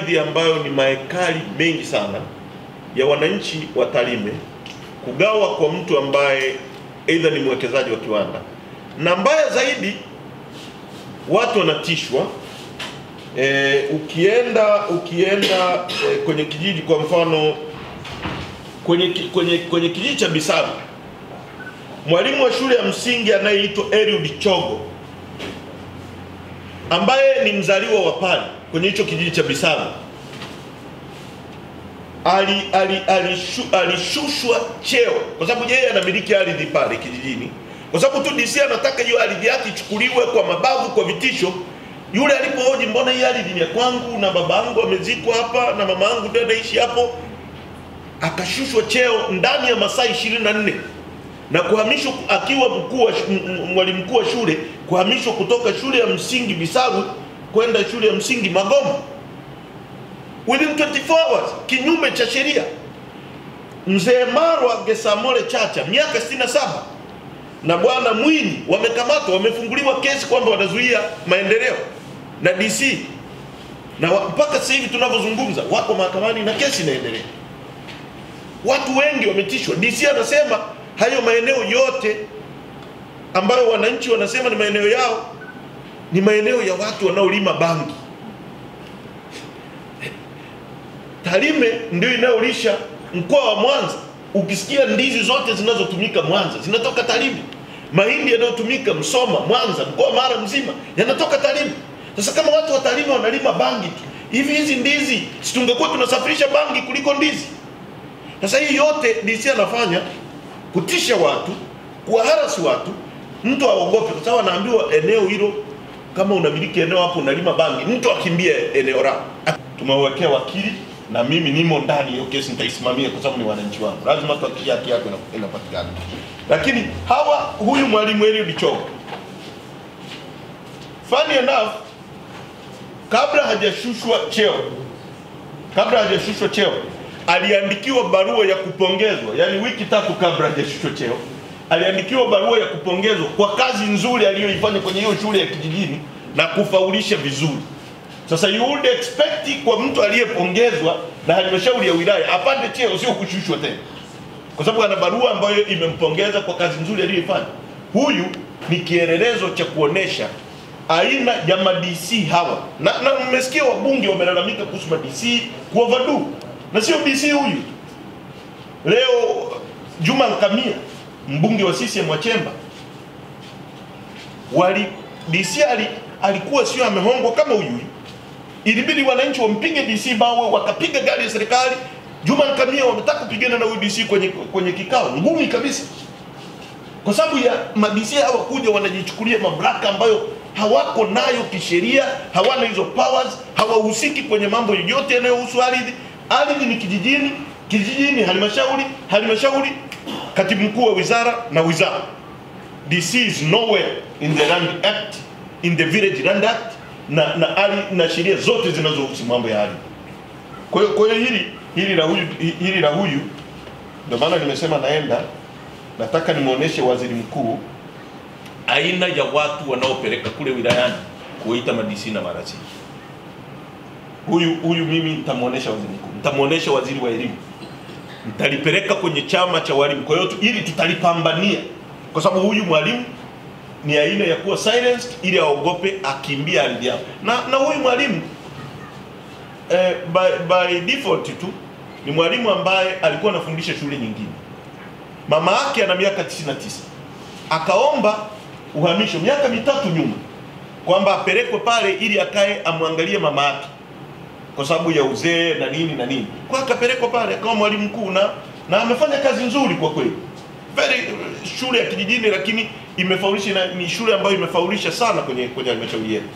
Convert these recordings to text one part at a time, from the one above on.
ardhi ambayo ni maekari mengi sana ya wananchi wa Tarime kugawa kwa mtu ambaye aidha ni mwekezaji wa kiwanda, na mbaya zaidi watu wanatishwa. E, ukienda ukienda e, kwenye kijiji kwa mfano kwenye, kwenye, kwenye kijiji cha Bisaru mwalimu wa shule ya msingi anayeitwa Eliud Chogo ambaye ni mzaliwa wa pale kwenye hicho kijiji cha Bisara alishushwa ali, ali, ali cheo kwa sababu yeye anamiliki ardhi pale kijijini, kwa sababu tu DC anataka hiyo ardhi yake ichukuliwe kwa mabavu, kwa vitisho. Yule alipohoji mbona hii ardhi ni ya kwangu na baba yangu amezikwa hapa na mama yangu ndio anaishi hapo, akashushwa cheo ndani ya masaa 24 na kuhamishwa akiwa mkuu mwalimu mkuu wa shule, kuhamishwa kutoka shule ya msingi Bisaru kwenda shule ya msingi Magoma within 24 hours, kinyume cha sheria. Mzee Marwa Gesamole Chacha miaka 67 na bwana Mwinyi wamekamatwa, wamefunguliwa kesi kwamba wanazuia maendeleo na DC, na mpaka sasa hivi tunavyozungumza wako mahakamani na kesi inaendelea. Watu wengi wametishwa. DC anasema hayo maeneo yote ambayo wananchi wanasema ni maeneo yao ni maeneo ya watu wanaolima bangi. Tarime ndio inayolisha mkoa wa Mwanza. Ukisikia ndizi zote zinazotumika Mwanza zinatoka Tarime, mahindi yanayotumika Msoma, Mwanza, mkoa Mara mzima yanatoka Tarime. Sasa kama watu wa Tarime wanalima bangi tu, hivi hizi ndizi situngekuwa tunasafirisha bangi kuliko ndizi? Sasa hii yote DC anafanya kutisha watu, kuwaharasi watu, mtu aogope, kwa sababu anaambiwa eneo hilo kama unamiliki eneo hapo unalima bangi, mtu akimbie eneo lako. Tumewekea wakili na mimi nimo ndani hiyo kesi, nitaisimamia kwa sababu ni wananchi wangu, lazima tuhakikishe haki yako inapatikana. Lakini hawa huyu mwalimu Eliud Chogo, funny enough, kabla hajashushwa cheo, kabla hajashushwa cheo aliandikiwa barua ya kupongezwa, yani wiki tatu kabla hajashushwa cheo aliandikiwa barua ya kupongezwa kwa kazi nzuri aliyoifanya kwenye hiyo shule ya kijijini na kufaulisha vizuri. Sasa you would expect kwa mtu aliyepongezwa na halmashauri ya wilaya apande cheo, sio kushushwa tena, kwa sababu ana barua ambayo imempongeza kwa kazi nzuri aliyoifanya. Huyu ni kielelezo cha kuonesha aina ya madc hawa, na, na mmesikia wabunge wamelalamika kuhusu madc kuovadu, na sio DC huyu. Leo Juma Nkamia mbunge wa CCM wa Chemba wali DC ali, alikuwa sio amehongwa kama huyu, ilibidi wananchi wampinge DC bawe, wakapiga gari ya serikali. Juma Nkamia wametaka kupigana na huyu DC kwenye, kwenye kikao ngumi kabisa, kwa sababu ya madisi kuja wanajichukulia mamlaka ambayo hawako nayo kisheria, hawana hizo powers, hawahusiki kwenye mambo yoyote yanayohusu ardhi. Ardhi ni kijijini, kijijini halmashauri, halmashauri katibu mkuu wa wizara na wizara. This is nowhere in the Land Act, in the Village Land Act na, na, ali na sheria zote zinazohusu mambo ya ardhi. Kwa hiyo kwa hiyo hili hili la huyu hili la huyu ndio maana nimesema naenda, nataka nimwonyeshe waziri mkuu aina ya watu wanaopeleka kule wilayani kuita madisi na marasi. Huyu huyu mimi nitamuonesha waziri mkuu, nitamuonesha waziri wa elimu nitalipeleka kwenye chama cha walimu. Kwa hiyo ili tutalipambania, kwa sababu huyu mwalimu ni aina ya kuwa silenced ili aogope akimbia ardhi yao. Na, na huyu mwalimu eh, by, by default tu ni mwalimu ambaye alikuwa anafundisha shule nyingine. Mama yake ana miaka 99 akaomba uhamisho miaka mitatu nyuma kwamba apelekwe pale ili akae amwangalie mama yake kwa sababu ya uzee na nini na nini, kwa akapelekwa pale akawa mwalimu mkuu na na amefanya kazi nzuri kwa kweli, very eh, shule ya kijijini, lakini imefaulisha na ni shule ambayo imefaulisha sana kwenye kwenye halmashauri yetu.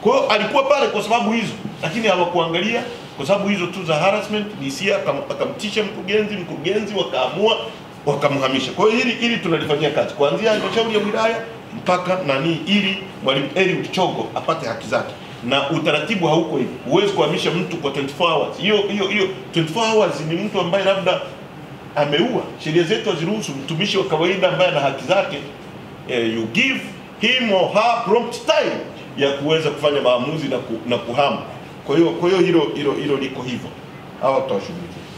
Kwa hiyo alikuwa pale kwa sababu hizo, lakini hawakuangalia kwa sababu hizo tu za harassment. DCI akamtisha mkurugenzi, mkurugenzi wakaamua wakamhamisha. Kwa hiyo hili hili tunalifanyia kazi kuanzia halmashauri ya wilaya mpaka nani, ili mwalimu eli Chogo apate haki zake, na utaratibu hauko hivi. Huwezi kuhamisha mtu kwa 24 hours. Hiyo hiyo hiyo 24 hours ni mtu ambaye labda ameua. Sheria zetu haziruhusu mtumishi wa kawaida ambaye ana haki zake, eh, you give him or her prompt time ya kuweza kufanya maamuzi na, ku, na kuhama. Kwa hiyo kwa hiyo hilo hilo hilo liko hivyo, hawa tutawashughulikia.